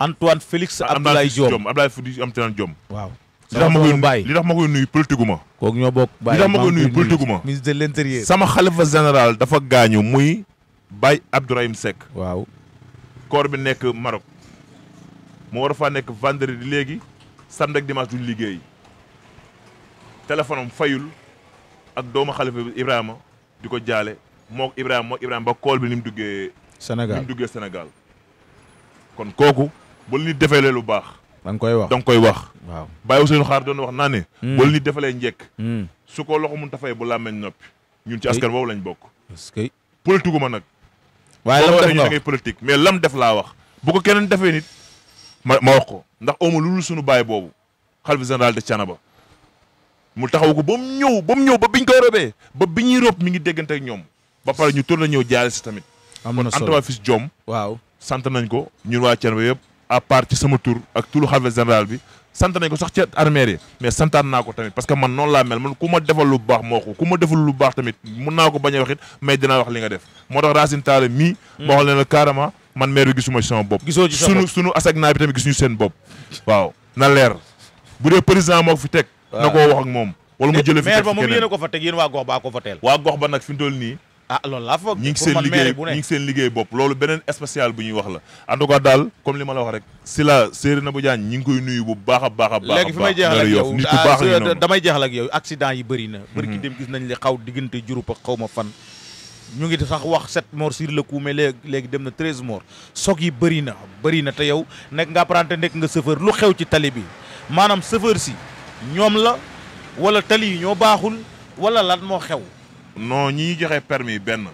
Antoine Félix Abdoulaye Diome Abdoulaye Félix Abdoulaye waaw li tax ma koy bàyyi li tax ma koy nuyu politique ma ñoo bokk bàyyi li tax ma koy sama xalifa général dafa gaañu muy Baye Abdourahim Seck waaw corps bi nekk Maroc mu war nekk faa nekk léegi samedi ak dimanche duñ liggéey téléphone am fayul ak doomu xalifa bi Ibrahima di ko jaale mook Ibrahima mook Ibrahima ba kool bi ni duggee Sénégal ni mu duggee Sénégal kon kooku ba lu defee lee lu baax. da nga koy wax da nga koy wax. waaw bàyyi seen xaar doon wax naa ne. Hmm. ba lu defalee njëkk. Hmm. su ko loxo mun tafay bu làmmeñ noppi. ñun ci askan boobu lañ bokk. parce que politique ma nag. waaye lam def nga ngay politique mais lam def laa wax. bu ko keneen defee nit ma ma wax ko ndax amu lu sunu baay boobu xalifa général de Thiénaba mu taxaw ko ba mu ñëw ba mu ñëw ba biñ ko robee ba bi ñuy rob mi ngi déggante ak ñoom ba pare ñu tourné ñëw jaale tamit. am na solo kon Anta Fils Diome. waaw sant nañ ko ñun waa Thiénaba yëpp. à part ci sama tur ak turu xafe général bi sant mais santaan naa ko tamit parce que man noon laa mel man ku ma defal lu baax moo ko ku ma defal lu baax tamit mun naa ko bañ a wax it mais wax li nga def moo tax Racine Talla mii moo hmm. xam ne la carrément man maire bi gisuma ci sama bopp sunu asag naa bi tamit gisuñu seen bopp waaw na leer bu dee président moo fi teg na koo wax ak moom wala mu jëlee fi maire ba moom a ko waa gox ba ko fa teel waa gox ba nag fi mu toll nii ah loolu laa foog ñu ngi seen liggéey ñu ngi seen liggéey bopp loolu beneen spécial bu ñuy wax la en tout daal comme li ma la wax rek si la séeri na bu jaan ñu ngi koy nuyu bu baax a baax a baax léegi fi may jeexal ak yow nit ku ah, baax damay jeexal ak yow accident yi bëri na bëri ki dem mhm. gis nañ li xaw diggante Diouroup ak xaw ma fan ñu ngi sax wax set morts sur le coup mais léegi léegi dem na treize morts soog yi bëri na bëri na te yow nekk nga apprenti nekk nga chauffeur lu xew ci tali bi maanaam chauffeur si ñoom la wala tali yi ñoo baaxul wala lan moo xew non ñi ñuy joxe permis benn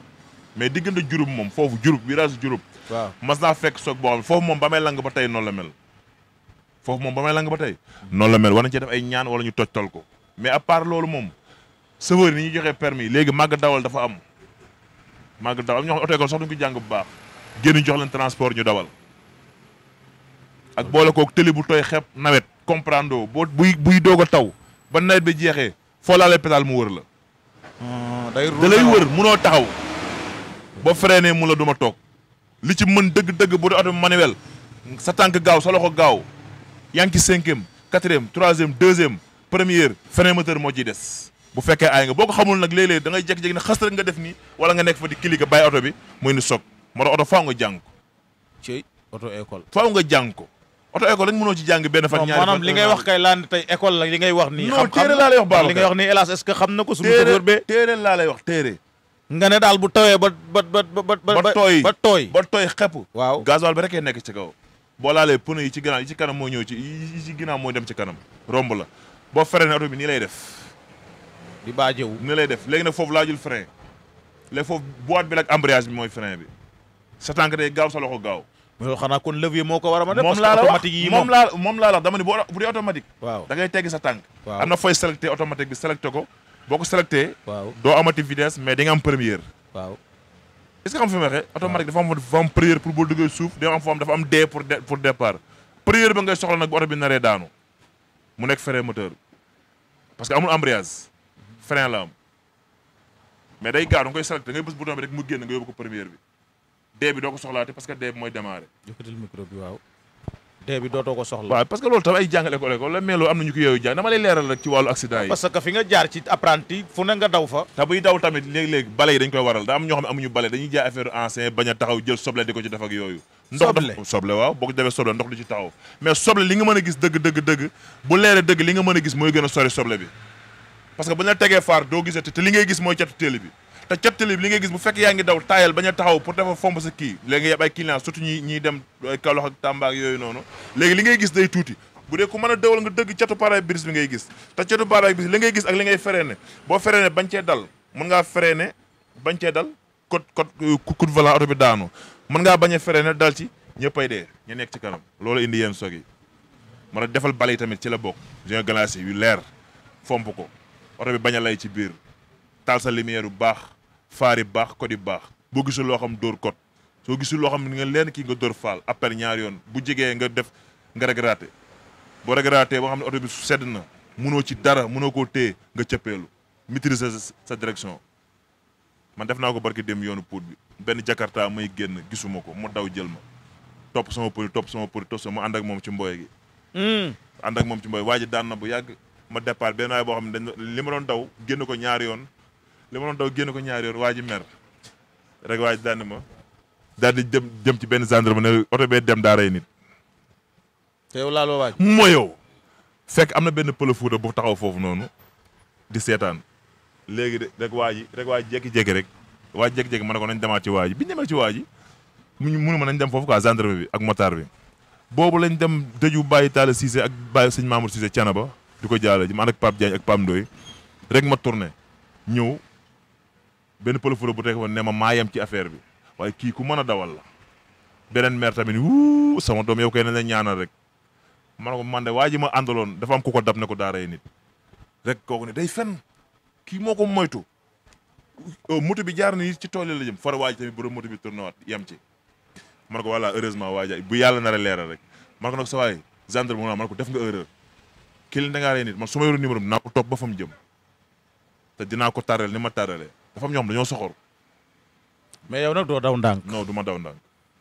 mais diggante jurub moom foofu jurub virage jurub. waaw mas naa fekk soog boo xam foofu moom ba may lang ba tey noonu la mel. foofu moom ba may lang ba tey noonu la mel war nañ cee def ay ñaan wala ñu toj tol ko mais à part loolu moom chauffeur ni ñuy joxe permis léegi màgg dawal dafa am màgg dawal am ñoo xam oto école sax duñu ko jàng bu baax génn jox leen transport ñu dawal. ak boole kook tëli bu tooy xepp nawet comprendre boo buy buy doog a taw ba nawet bi jeexee foo laalee pétale mu wër la. Hmm, day da lay wër munoo taxaw. boo freiné mu la du ma toog. li ci mën dëgg-dëgg bu dee oto manuel sa tànk gaaw sa loxo gaaw yaa ngi ci cinquième quatrième troisième deuxième première frein moteur moo ci des. bu fekkee aay nga boo ko xamul nag léeg-léeg da ngay jékki-jékki ne xas nga def nii wala nga nekk fa di kilika bàyyi oto bi muy ni soog moo tax oto faw nga jàng ko. ci oto école. faw nga jàng ko. auto école lañ mënoo ci jàng benn fan. ñaari maanaam li ngay wax kay laan tey école la li ngay wax nii. xam-xam na ko. wax téere. nga ne daal bu tawee ba ba ba ba ba tooy ba tooy ba tooy xepp. waaw gasoil bi rek nekk ci kaw. boo laalee pneu yi ci ginnaaw yi ci kanam moo ñëw ci yi moo dem ci kanam romb la boo freiné oto bi nii lay def. di baajewu nii lay def léegi nag foofu laajul frein léegi foofu boîte bi la ak bi mooy frein bi sa tànk day gaaw sa ko gaaw mais xanaa kon levier moo ko war a mën a. moom laa la wax moom laa automatique. waaw da ngay teggi sa tànk. waaw am na fooy selecté automatique bi selecté ko boo ko selecté. doo amati vitesse mais di am première. waaw est-ce que xam fi ma waxee. automatique dafa am dafa suuf dafa am foo am dafa am dee pour pour départ première ba ngay soxla nag bi naree daanu mu nekk frein moteur parce que amul embrayage frein la am mais day gaaw da nga koy selecté da ngay bës bouton bi rek mu génn nga yóbbu ko première bi. dee bi doo ko soxlaate parce que dee bi mooy démarrer. jëkkatil dee bi dootoo ko soxla. waaw parce que loolu tam ay jàngale ko léegi la mais loolu am na ñu ko yooyu jàng dama lay leeral rek ci wàllu accident yi. parce que fi nga jaar ci apprenti fu ne nga daw fa. te buy daw tamit léeg-léeg bale yi dañ koy waral daa am ñoo xam ne amuñu bale dañuy jaay affaire ancien bañ a taxaw jël soble di ko ci def ak yooyu. soble ndox soble waaw boo ko defee soble ndox du ci taxaw dëgg dëgg dëgg nga mën a gis mooy gën a sori soble bi parce que bu ñu li ngay gis mooy catu bi te cap tali li ngay gis bu fekk yaa ngi daw taayal bañ a taxaw pour dafa fomb sa kii léegi yeb ay client surtout ñi ñiy dem Kaolack ak Tamba ak yooyu noonu léegi li ngay gis day tuuti bu dee ku mën a dawal nga dëgg catu pare-brise bi ngay gis te catu pare-brise li ngay gis ak li ngay freiné boo freiné bañ cee dal mën ngaa freiné bañ cee dal code code euh, code volant oto bi daanu mën ngaa bañ a freiné dal ci ñëppay dee ñu nekk ci kanam loolu indi yéen sog mën a defal bale tamit ci la bokk jon glace yu leer fomp ko oto bi bañ a lay ci biir taal sa lumière bu baax faari baax kodi baax boo gisul loo xam dóor kot soo gisul loo xam ni nga leen kii nga dóor faal appel ñaari yoon bu jegee nga def nga regretté boo regretté boo xam ne oto bi sedd na munoo ci dara munoo koo téye nga cëppeelu maîtriser sa direction man def naa ko barki dem yoonu puut bi benn jakarta may génn gisuma ko mu daw jël ma topp sama pëli topp sama pëli topp sama ànd moom ci mboy ànd ak moom ci mboy hmm. waa ji daan na bu yàgg ma départ benn boo xam ne dañ li ma doon daw génn ko ñaari yoon li ma doon daw génn ko ñaar yoon waa ji mer rek waa ji daal ma daal di jëm jëm ci benn gendarme ne oto bee dem daa rey nit. te yow laaloo moo yow fekk am na benn pël fuuta bu taxaw foofu noonu di seetaan léegi de rek waa ji rek waa ji jékki rek waa ji jékki-jékki ma ne ko nañ demaat ci waa ji bi ñu demee ci waa ji mu munu ma nañ dem foofu quoi gendarme bi ak motaar bi. boobu lañ dem dëju bàyyi Talla Cissé ak bàyyi sëñ Mamour Cissé Canaba di ko jaale ji ma ànd ak Pape Diagne ak Pape Ndoye rek ma tourné ñëw. benn pëlëfuro bu teg woon ne ma maa yem ci affaire bi waaye kii ku mën a dawal la beneen meer tamit wuu sama doom yow ka ne la ñaanal rek man ko man de waa ji ma àndaloon dafa am ko ko dab ne ko daaray nit rek kooku ne day fen kii moo ko moytu euh, moto bi jaar ni ci tool la jëm fo waa ji tamit borom moto bi tourné waat yem ci man ko voilà heureusement waa bu yàlla nar a leeral rek man ko nag sa waay gendarme mu man ko def nga erreur kii la dangaa rey su ma yoroon bi naa ko topp ba dinaa ko tarrel ni ma tarralee dafa am ñoom dañoo soxor. mais yow nag doo daw ndànk. non du ma daw ndànk.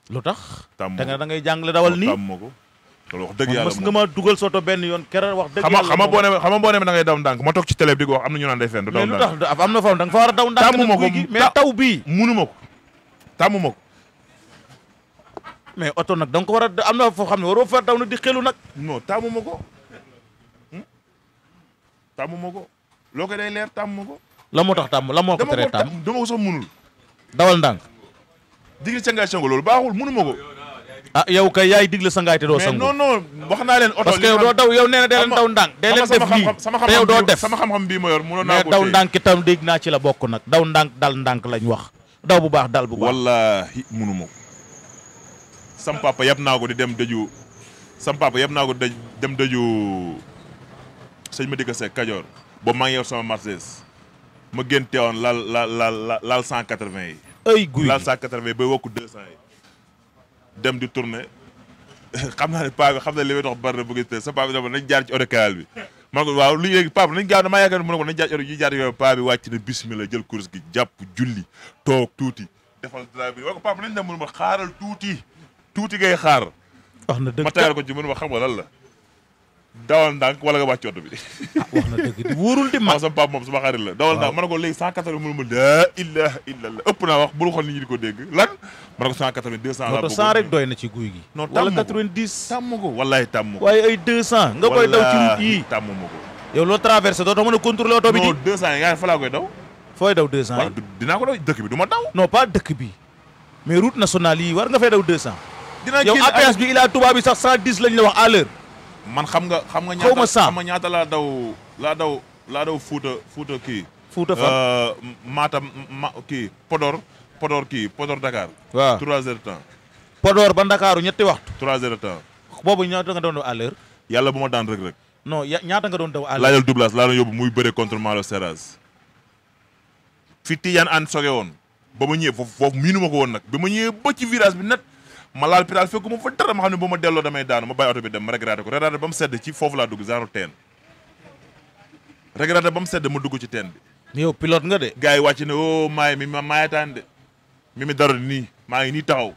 lu tax. tàmm da nga da ngay jàngale dawal nii tàmm ko. loolu wax dëgg yàlla nga ma dugal soto benn yoon keroog wax dëgg yàlla xama boo boo ne da ngay daw ndànk ma toog ci télé bi di ko wax am daw ndànk lu tax am na fam a daw ndànk tàmm ma ko mais taw ma ko tàmm ko mais oto nag da ko war a am na foo xam ne waroo fa daw na di xelu nag non tàmm ma ko hmm? tàmm ko loo ko day leer tàmm ma ko la moo tax tàmm la moo ko teree tàmm dama ko sax munul dawal ndànk digle sangaay sangu loolu baaxul munu ma ko ah yow kay yaay digle sangaay te doo sangu non non wax naa leen oto parce que yow doo daw yow nee na dee leen daw ndànk dee leen def lii te yow doo def sama xam-xam bii ma yor mënoon naa ko daw ndànk itam naa ci la bokk nag daw ndànk dal ndànk lañ wax daw bu baax dal bu baax wallaahi munu ma ko di dem dëju sam papa yab naa ko di dem dëju sëñ ma dikka seeg kajoor boobu maa ngi yor sama Mercedes ma gën teewoon laal laal laal laal cent quatre-vingts yi. ay guy laal cent quatre-vingts bay wokk deux cent yi. dem di tourné xam naa ne paa bi xam na li may dox bari na bëgg te sa paa bi dama nañ jaar ci orékal bi. ma ne ko waaw lu yéeg paa bi nañ gaaw damaa yaakaar ne mu ne ko nañ jaar ci orékal yi jaar yow paa bi wàcc na bismillah jël course jàpp julli toog tuuti. defal drive bi waaw ko paa bi nañ dem mu ne ma xaaral tuuti tuuti ngay xaar. wax na dëgg ma tegal ko ci mu ne ma xam nga lan la. dawal ndànk wala nga wàcc oto bi. Ah, wax na dëgg di wóorul di ma. waaw moom sama xarit la. dawal ndànk ma ne ko léegi cent quatre vingt mënuma laa ilaaha illallah ëpp naa wax bul xool nit ñi di ko dégg lan. ma ne ko cent quatre vingt deux cent laa bëgg cent rek doy na ci guy gi. non tàmm ko wala quatre vingt dix. tàmm ko wallaay tàmm ko. waaye ay deux cent. nga koy daw ci route yi tàmm ma ko. yow loo traversé dootoo mën a contrôler oto bi di. non dinaa ko daw dëkk bi du ma daw. non pas dëkk bi mais route yi war nga fay daw deux cent. dinaa génn yow APS wax à man xam nga xam nga ñaata xam nga ñaata laa daw laa daw laa daw Fouta Fouta kii. Fouta fan euh, Matam ma kii Podor Podor kii Podor Dakar. waaw trois heures de temps. Podor ba Ndakaaru ñette waxtu. trois heures de temps. boobu ñaata nga daw à l'heure. yàlla bu ma daan rek rek. non ñaata nga doon daw à l'heure. laajal doublage laa doon yóbbu muy bëre contre Malo Seras. fi Tidiane ànd soge woon. ba ma ñëwee foofu foofu ko woon nag ba ma ñëwee ba ci bi net. ma laal pédale fekkuma fa dara ma xam ne bu ma delloo damay daanu ma bàyyi oto bi dem ma regretté ko regretté ba mu sedd ci foofu laa dugg genre teen regretté ba mu sedd ma dugg ci teen bi. mais yow pilote nga de. gars yi wàcc ne oh maay mi ma maayataan de mi mi daro nii maa ngi nii taxaw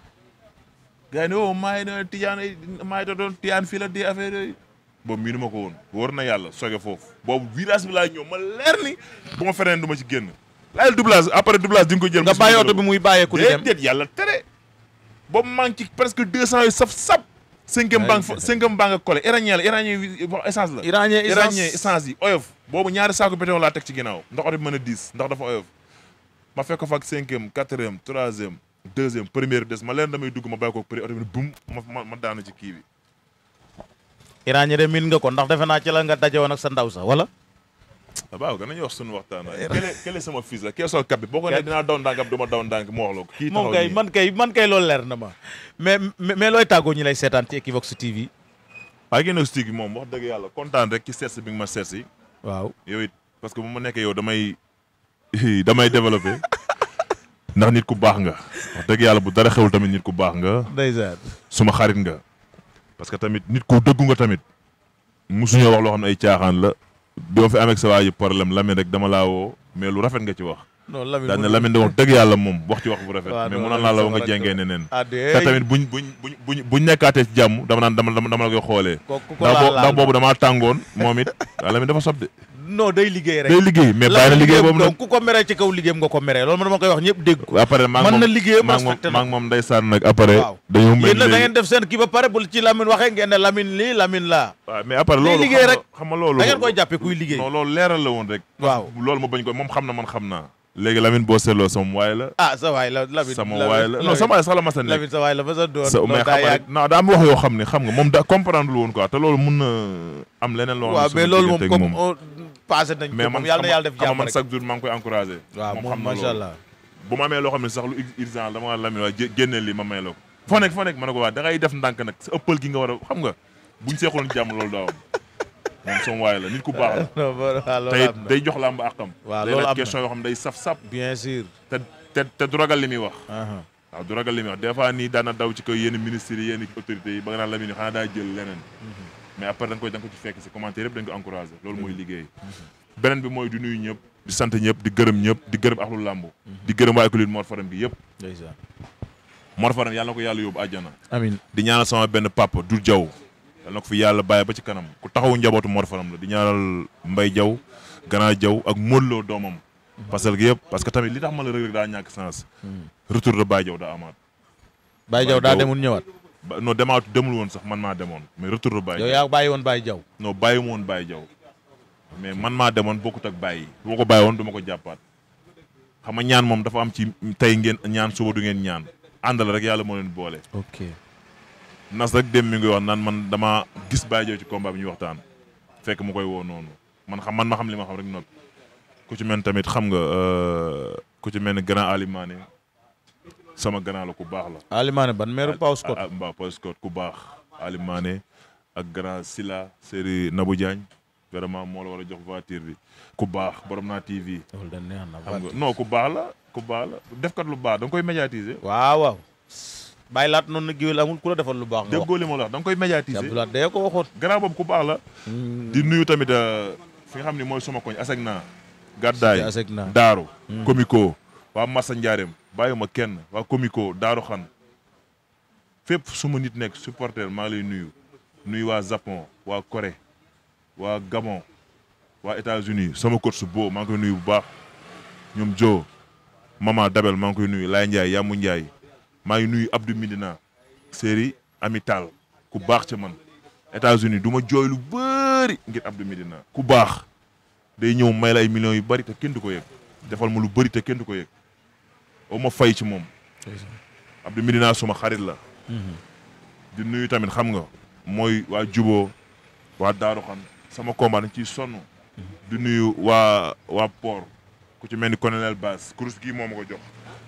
gars yi ne oh maay na tijaan maay ta doon tijaan fii la di affaire boobu miinu ma ko woon wóor na yàlla soge foofu boobu virage bi laa ñëw ma leer ni bu ma feneen du ma ci génn. laajal doublage après doublage di nga jël. nga bàyyi oto muy bàyyeeku di yàlla tere. boobu maa ngi ci presque deux cent yu saf-sap cinquième banque cinquième banque ak collé iranien la iranien essence la iranien essence yi oyof boobu ñaari saako pétrole laa teg ci ginnaaw ndax oto bi mën a diis ndax dafa oyof ma fekk ko fa ak cinquième quatrième troisième deuxième première des ma leen damay dugg ma bàyyi ko prix oto bi bum ma ma ci kii bi iranien de min nga ko ndax defe naa ci la nga daje woon ak sa ndaw sax wala waaw ah, gën nañu wax suñu waxtaan waaye. kële kële la kee sol kap bi boo ko nee ma daw ndànk mu wax la ko. man kay man kay leer na ma. mais mais looy tàggoo ñu lay seetaan ci Equivox TV. waaw Equivox TV moom wax dëgg yàlla kontaan rek ci seet bi nga ma seet si. waaw yow it parce que bu ma nekkee yow damay damay développé ndax nit ku baax nga. wax dëgg yàlla bu dara xewul tamit nit ku baax nga. ndeysaan suma xarit nga. parce que tamit nit ku dëggu nga tamit musuñoo wax loo xam ne ay caaxaan la. doo fi amee sa waa ji problème Lamine dama laa woo mais lu rafet nga ci wax. non Lamine daan na Lamine wax dëgg yàlla moom wax ci wax bu rafet. mais mënoon naa la wax nga jengee ne neen. Ah, te tamit buñ buñ buñ buñ nekkaatee ci jàmm dama naan dama dama la koy xoolee. kooku ko ndax boobu damaa tàngoon moom it Lamine dafa sob de non day liggéey rek. day liggéey mais bàyyi na liggéey boobu nag ku ko meree ci kaw liggéeyam nga ko meree loolu man dama koy wax ñëpp dégg ko. après mën na liggéeyam respecté na maa ngi moom ndeysaan nag après. waaw yéen nag da ngeen def seen kii ba pare bu ci Lamine waxee ngeen ne Lamine lii Lamine laa. waaw mais après loolu liggéey rek xam nga loolu da ngeen koy jàppee kuy liggéey. non loolu leeral la woon rek. waaw loolu ma bañ ko moom xam na man xam naa. léegi Lamine boo seetloo sama waay la. ah sa waay la Lamine sama waay la non sama waay sax la ma sa nekk Lamine sa waay la ma sa doon. loolu daa yàgg non daa am wax yoo xam ne xam nga moom daa comprendre lu woon quoi te loolu mun na am leneen loo xam ne. waaw mais loolu moom comme passé nañ ko moom yàlla na yàlla def jàmm rek man chaque jour maa koy encouragé waaw allah bu ma amee loo xam ne sax lu urgent dama la Lamine waaye génne li ma may la ko foo nekk foo nekk ma ne ko waa da ngay def ndànk nag sa ëppal gi nga war a xam nga buñ seexuloon jàmm loolu daaw moom sama waay la nit ku baax la tey day jox làmb àqam waaw loolu am na yoo xam ne day saf-saf bien sûr te te te li muy wax waaw du ragal li muy wax des fois nii daana daw ci kaw yenn ministres yenn autorités yi ba nga naan Lamine xanaa daa leneen mhm. mais après da nga koy da nga ko ci fekk si commentaire yëpp dañ ko loolu mooy mm-hmm. liggéey mm-hmm. beneen bi mooy du nuyu ñëpp di sant ñëpp di gërëm ñëpp di gërëm axlu làmb mm-hmm. di gërëm waa école Mor Faram bi yëpp Mor Faram yàlla ko yàlla yóbbu àjjana amiin di ñaanal sama benn papa Dul Jaw yàlla yàlla bàyyi ba ci kanam ku taxawu njabootu Mor Faram la di ñaanal Mbay Jaw Gana Jaw ak Modou Lo doomam parce que yëpp parce que tamit li tax ma la rëg rek daa ñàkk sens retour de Baye Jaw daa amaat Baye Jaw daa demul ñëwaat ba non demaatu demul woon sax man maa demoon mais retour Baye. yow yaa bàyyi woon Baye Jaw. non bàyyi moon woon Baye Jaw mais man maa demoon bokkut ak Baye bu ma ko bàyyi woon du ma ko jàppaat xam nga ñaan moom dafa am ci tey ngeen ñaan suba du ngeen ñaan àndal rek yàlla moo leen boole. ok nas rek dem mi ngi wax naan man dama gis baay Jaw ci combat bi ñuy waxtaan fekk mu koy woo noonu man xam man ma xam li ma xam rek noppi ku ci mel tamit xam nga euh, ku ci mel ne grand alimane sama grand la ku baax la. Alimane ban maire Pao Scott ah, mbaa Pao Scott ku baax Alimane ak grand Sila Seri Nabou Diagne mool moo la war a jox voiture bi ku baax borom naa TV. loolu dañ neex na xam nga ku baax la ku baax la defkat lu baax da nga koy médiatiser. waaw waaw. bàyyi laat noonu na géwél amul ku la defal lu baax. nga wax déggoo li ma da nga koy médiatiser. Abdoulaye day ko waxoon. grand boobu ku baax la. Hmm. di nuyu tamit euh, fi nga xam ni mooy suma koñ aseg na gàddaay aseg naa daaru. komiko. Hmm. waa Massa Ndiarème bàyyi ma kenn waa Comico daaro Xan fépp suma nit nekk supporter maa ngi lay nuyu nuyu waa Japon waa kore waa Gabon waa États-Unis sama coach sub boo maa ngi koy nuyu bu baax ñoom Joe Mama Dabel maa ngi koy nuyu Laye Ndiaye Yamou Ndiaye maa ngi nuyu Abdou Midina série amital ku baax ca man États-Unis du ma jooy lu bëri ngir Abdou Midina ku baax day ñëw may la ay yu bari te kenn du ko yëg defal ma lu bari te kenn du ko yëg aw ma fay ci moom. Abdou Medina suma xarit la. Mhm. di nuyu tamit xam nga. mooy waa Juboo waa Daaru Xam sama combat dañ ci sonn. Mhm. di nuyu waa waa Port ku ci mel ni colonel Bass kurus gii moo ma ko jox.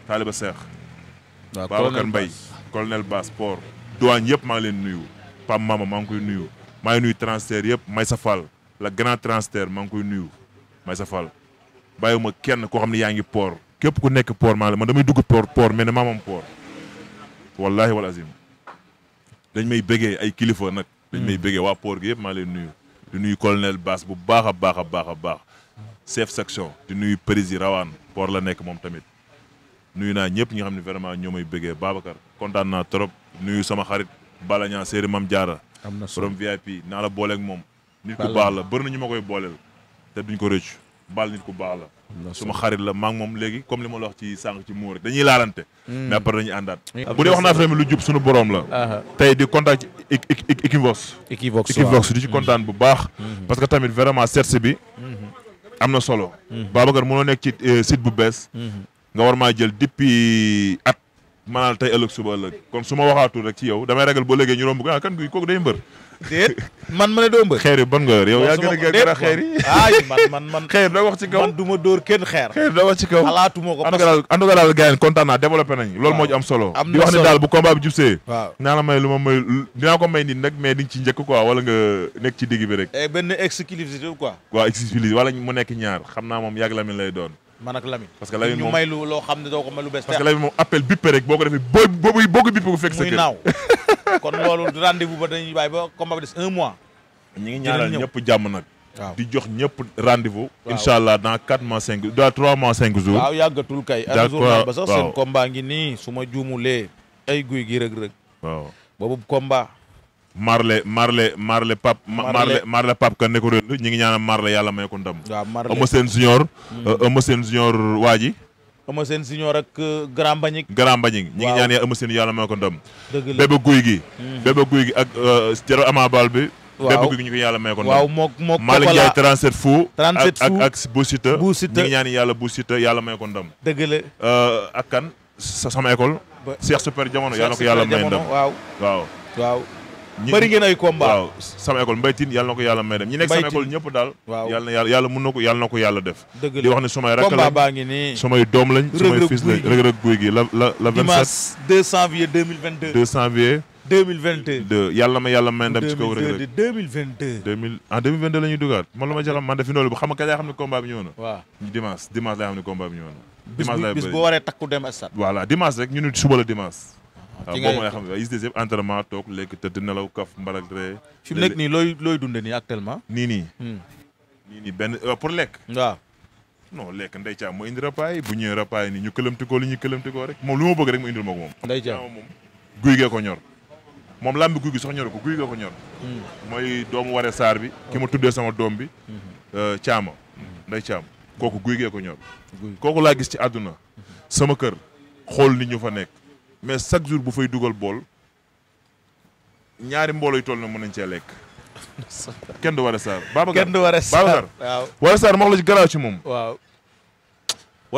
Taaliba Seex. waaw Babacar Mbaye colonel Bass Port. douane yëpp maa ngi leen nuyu. Pam Mama maa ngi koy nuyu. maa ngi nuyu transfert yëpp Maysa Fall la grand transfert maa ngi koy nuyu Maysa Fall ma kenn koo xam ne yaa ngi Port. képp ku nekk port maa la man damay dugg port port mais ne maa moom poor wallaahi wal azim dañ may bëggee ay kilifa nag. dañ may hmm. bëggee waa poor gi yëpp maa leen nuyu. di nuyu colonel Bass bu baax a baax a baax a baax chef section di nuyu président rawaan port la nekk moom tamit nuyu naa ñëpp ñi nga xam ne vraiment ñoo may bëggee Babacar kontaan naa trop nuyu sama xarit Balaña Séeri Mam Diarra. am na solo borom VIP naa la booleeg moom. nit ku baax la bëri na ñu ma koy booleel te duñ ko rëcc. baal nit ku baax la suma xarit la maa moom léegi comme li ma la wax ci sànq ci muur dañuy laalante hmm. mais après dañuy bu dee wax naa fi lu jub suñu borom la ah, ah. tey di contact Equivox Equivox di ci hmm. kontaan bu baax hmm. parce que tamit vraiment seetsi bi am na solo Babacar mënoo nekk ci euh, site bu bees nga war maa jël depuis at maanaam tey ëllëg suba ëllëg kon su ma waxaatul rek ci yow damay ragal boo léegi ñu romb ko ah kan kooku day mbër déet man ma ne doo mbër. xeer yi bon nga yow yaa gën a gën a xeer ay man man man xeer da wax ci kaw man du ma kenn xeer. xeer da wax ci kaw xalaatuma ko. daal gars yi kontaan naa développé nañu. loolu moo am solo. am di wax ne daal bu combat bi jubsee. waaw naa la may lu ma may dinaa ko may nit nag mais di nga ci njëkk quoi wala nga nekk ci digg bi rek. Eh, benn exclusivité quoi. waaw exclusivité wala mu nekk ñaar xam naa moom yàgg la mi lay doon man ak parce que Lamine moom loo xam ne doo ko may lu bees. parce que Lamine moom appel bippe rek boo ko defee boo boo bippe bu fekk sa kër kon loolu rendez-vous ba dañuy bàyyi ba combat bi des un mois. ñu ngi ñaanal ñëpp jàmm nag. waaw di jox ñëpp rendez-vous. waaw allah dans quatre mois cinq dans trois mois cinq jours. waaw yàggatul kay. d' accord ba sax seen combat ngi nii su ma juumulee. ay guy gi rëg rëg. waaw boobu combat. Marley Marley Marley Pape. Marley Marley Pape kan ne ko rénd ñi yàlla may ko ndam. waaw Marley Eumeu Sène junior. Hmm. Euh, Eumeu Sène junior waa ji. Eumeu Sène junior ak euh, Grand Mbagnick. Grand Mbagnick ñi ngi ñaan yaa yàlla may ko ndam. dëgg la Bébé Gouy Gui. Hmm. Bébé Gouy Gui ak Jaro euh, Ama Bal bi. waaw gi ñu yàlla may ko. waaw mook mook Malick Ndiaye 37 fou. 37 fou ak Bu Siteu. Bu Siteu ñaan yàlla Bu Siteu yàlla may ko ndam. dëgg ak kan sa sama école. Cheikh Super Jamono yàlla ko yàlla may ndam waaw waaw. bëri ngeen ay combat waaw sama école mbaytin yàlla na ko yàlla may dem ñi nekk sama école ñëpp daal waaw na yàlla yàlla na ko yàlla na ko yàlla def di wax ne sumay rakk la baa ngi nii sumay doom lañ dugaat man ma jaxam man def bu xam nga kañ xam ne combat bi ñëw na waaw dimanche xam ne combat bi ñëw na dimanche bis ni suba la dimanche ci ngay waaw xam ne des yëpp toog lekk tëdd nelaw kaf mbalag ree. fi mu looy looy dundee nii actuellement. nii nii. Hmm. nii nii benn euh, pour lekk. waaw. non lekk Ndeye Thiam moo indi repas yi bu ñëwee ñu këlëmtikoo li ñu këlëmtikoo rek moom lu ma bëgg rek mu ma ko moom. Ndeye moom guy gee ko ñor. moom làmb guy gi sax ñor ko guy gee ko ñor. Hmm. mooy doomu waree saar bi. ki ma tuddee sama doom bi. caama hmm. euh, Ndeye Thiam kooku guy gee ko ñor. kooku laa gis ci àdduna sama kër xool ni ñu fa nekk mais chaque jour bu fay dugal bool ñaari mbooloo yu toll na mën nañ cee lekk. kenn du war a saar. Babacar kenn du war a saar waaw war a saar wax la ci garaaw ci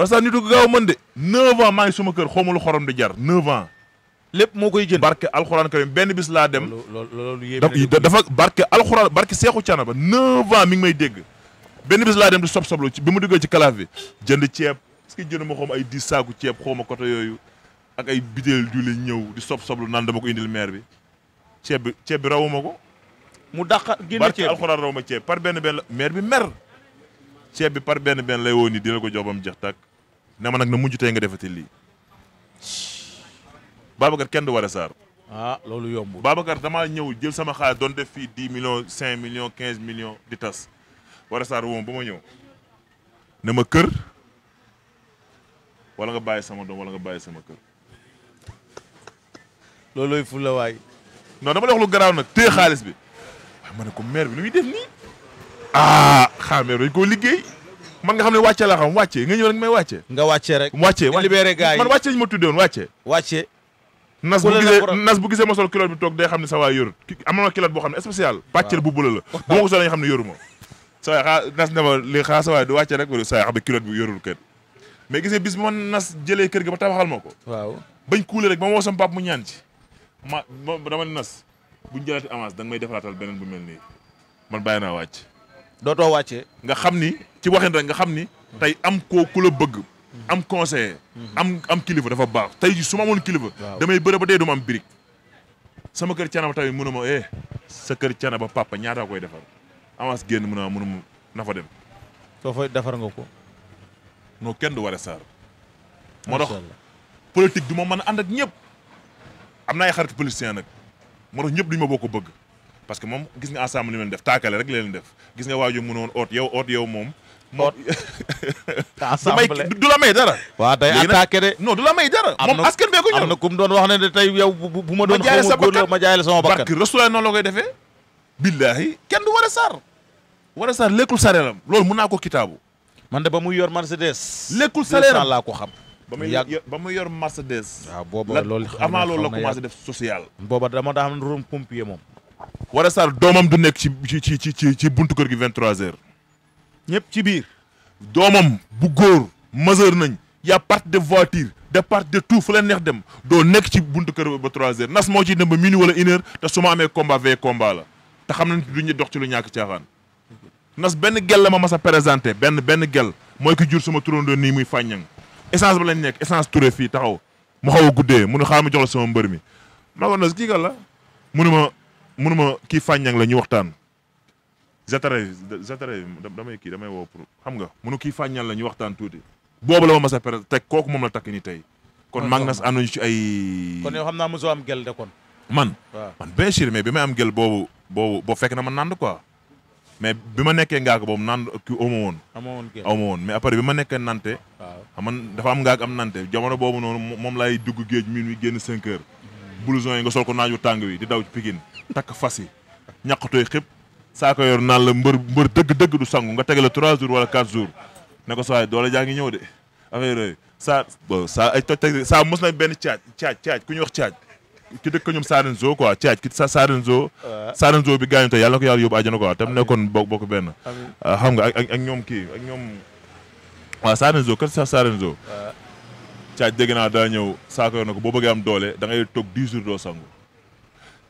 a saar nitu ko gaaw mën de. 9 ans maa ngi suma kër xawma lu xorom di jar. 9 ans. lépp moo koy jënd barke alxuraan karim benn bis laa dem. loolu dafa barke alxuraan barke seexu cana ba 9 mi ngi may dégg. benn bis laa dem di sob soblu ci bi mu duggee ci calaf bi jënd ceeb est-ce que jënd ma xawma ay 10 saaku ceeb xawma côté yooyu. ak ay bideel ñëw di sob soblu naan dama ko indil maire bi ceeb bi ceeb bi rawuma ko. mu dàqa génn ceeb barki alxuraan rawuma ceeb par benn benn la bi mer. ceeb bi par benn benn lay woo ni dina ko jox ba mu jeex tàkk ne ma nag na mujj tey nga defati lii. Babacar kenn du war a saar. ah loolu yombul. Babacar damaa ñëw jël sama xaalis doon def fii dix millions cinq millions quinze millions di tas war a saar woon ba ma ñëw. ne ma kër wala nga bàyyi sama doom wala nga bàyyi sama kër. loolu loolooy fulla waay. non dama lay wax lu garaaw nag téye xaalis bi ma ne ko maire bi lu muy def nii ah koo liggéey man nga xam ne wàcce laa xam wàcce nga ñëw rek nga wàcce rek. wàcce libéré gars yi man wàcce ñu ma tuddee woon gisee nas bu gisee ma bi toog day xam ne sa waay yorut am na kilote boo xam ne spécial. pàccal bu bula ma ko solee xaa sa waay du wàcce rek wala sa waay xam ne kilote bi yorul kenn mais gisee bis bu ma nas jëlee kër gi ba tabaxal ma ko. bañ kuule rek ba ma woo sama mu ñaan ci ma dama nas buñ jëlaati avance da nga may defaraatal beneen bu mel nii man bàyyi naa wàcc. dootoo wàccee. nga xam ni ci waxin rek nga xam ni. tey am koo ku la bëgg. Hmm. am conseiller. Hmm. am am kilifa dafa baax tey ji su ma amoon kilifa. damay bëre ba dee du am birig sama kër canaba tamit mënu ma eh sa kër canaba papa ñaata koy defar avance génn mën a mënu ma na fa dem. soo fay defar nga ko. non kenn du war a saar. moo tax politique du ma mën a ànd ak ñëpp. am na ay xaritu politicien nag moo tax ñëpp duñ ma boo ko bëgg parce que moom gis nga ensemble li leen def taakale rek la leen def gis nga waajur mënoon oot yow oot yow moom. oot du la may dara. waaw day attaqué de. non du la may dara. moom askan bee ko ñor am doon wax ne de yow bu ma doon. ma jaayal sa bakkan ma sama bakkan. parce que Rasulullah noonu la koy defee. billahi kenn du war a saar. war a saar lekkul sareelam loolu mun naa ko kitaabu. man de ba muy yor Mercedes. lekkul sareelam laa ko xam. ba muy yor ba muy yor Mercedes. waaw booba loolu xam naa loolu la commencé def social. booba dama daa xam ne room pompier moom. Wara Sarr doomam du nekk ci ci ci ci ci buntu kër gi 23h. ñëpp ci biir. doomam bu góor majeur nañ. yaa partie de voiture de partie de tout fu la neex dem doo nekk ci buntu kër ba trois h nas moo ci dem ba minuit wala une heure te su ma amee combat veille combat la te xam nañ ñu dox ci lu ñàkk caaxaan. nas benn gel la ma mas a présenté benn benn gel mooy ki jur suma turandoo nii muy fàññang essence ba lañ nekk essence Touré fii taxaw mu xaw a guddee mu ne xaaral jox la sama mbër mi ma ko nos kii la munu ma munu ma kii fàññang la ñu waxtaan zatare zatare damay kii damay woo pour xam nga munu kii fàññang la ñu waxtaan tuuti boobu la ma mas a pere teg kooku moom la takk ni tey kon Magnus ànduñu ci ay kon yow xam naa mosoo am gel de kon man man bien sûr mais bi may am gel boobu boobu boo fekk na ma nand quoi mais bi ma nekkee ngaak boobu nan ki amu woon amu woon mais après bi ma nekkee nante man dafa am ngaak am nante jamono boobu noonu moom laay dugg géej min wi génn cinq heures blouson yi nga sol ko naaju tàng wi di daw ci Pikine takk fas yi ñaqatoy xëpp saa ko yor naan la mbër mbër dëgg-dëgg du sangu nga tegale trois jours wala quatre jour ne ko saa doole jaa ngi ñëw de affaire yooyu saa saa teg saa mos benn caaj caaj caaj ku ñuy wax caaj ki dëkk ñoom Sarenzo quoi Thiaj ki sa Sarenzo. waaw Sarenzo bi gaañu te yàlla na ko yàlla yóbbu àjjana quoi. tam nekkoon bokk bokk benn. Ah, xam nga a ak ñoom kii ak ñoom. waaw Sarenzo kër sa Sarenzo. waaw Thiaj dégg naa daa ñëw saako na ko boo bëggee am doole da ngay toog 10 jours doo sangu.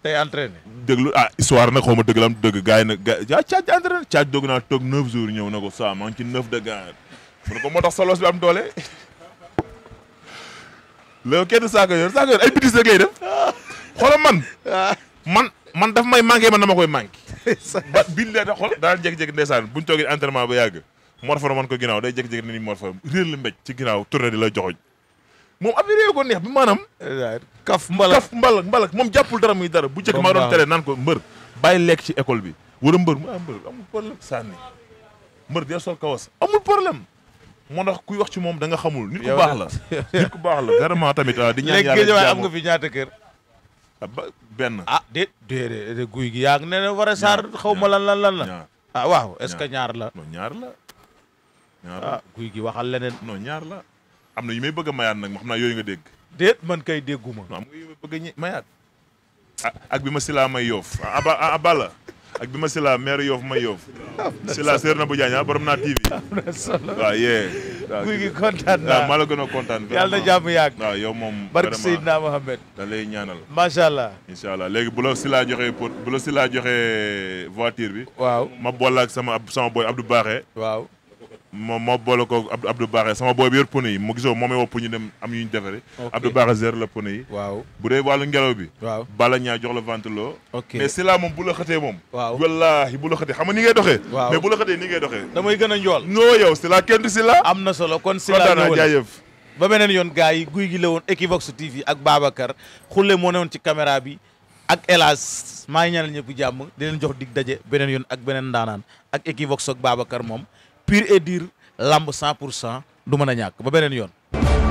tey entraîné. déglu ah histoire nag xaw ma dëgg la am dëgg gars yi nag gars yi ah Thiaj ñëw na ko saa maa ngi ci 9 de gaañ. ko moo tax solos bi am doole. loolu kenn saako yor saako yor ay bitis rek lay def. xoolal man. Ah. man man daf may manqué man dama koy manqué. ba biñ leen a jeg daal jékki-jékki ndeysaan buñ toogee entraînement ba yàgg. morfar man ko ginnaaw day jékki-jékki ni morfar réer la mbéj ci ginnaaw tournée di la joxoñ moom ab ko neex bi maanaam. kaf mbalak kaf mbalak mbalak moom jàppul dara muy dara. bu njëkk ma doon tere naan ko mbër. bàyyi lekk ci école bi wala mbër mu ah mbër amul problème sànni mbër dee sol kawas amul problème. moo tax kuy wax ci moom danga nga xamul. nit ku baax la nit ku baax la vraiment tamit. Ah, di ñaan yàlla jàmm léegi am nga fi ñaata benn. ah déet déedéet guy gi yaa ngi ne war a saar xaw ma lan lan lan la. ah waaw est-ce que ñaar la. non ñaar la. ñaar ah, guy gi waxal leneen. non ñaar la am na ñu may bëgg a mayaat nag ma xam naa yooyu nga dégg. déet man kay dégguma. am nga may bëgg a mayaat. ak bi ma silaa may yoof aba abala ak bi ma silaa maire yoof may yoof silaa séer na bu jaañ ah, borom naa TV waaw yee guy gi kontaan ah, naa maa la gën a kontaan yàlla na jàmm yàgg yow moom barke Seydina Mohamed da lay ñaanal macha allah incha allah léegi bu la si laa joxee pot bu la si laa joxe voiture bi waaw ma boole ak sama booy boy Abdou Baaxee waaw moom moo boole ko Abdou Bara sama booy bi yor pneu yi mu gisoo moom woo pour ñu dem am yu ñu defaree. Abdou Bara la pneu yi. waaw bu dee wàllu ngelaw bi. waaw bala ñaa jox la ventilo. ok mais si la moom bu la xëtee moom. waaw wallaahi bu la xëtee xam nga ni ngay doxee. waaw mais bu la xëtee ni ngay doxee. damay gën a njool. non yow si la kenn du si am na solo kon si la kontaan ba beneen yoon gars yi guy gi la woon Equivox TV ak Babacar xulle moo ne woon ci caméra bi ak hélas maa ngi ñaanal jàmm leen jox dig daje beneen yoon ak beneen ak Equivox ak Babacar moom pur et dur lamb 100 pour cent du mën a ñàkk ba beneen yoon.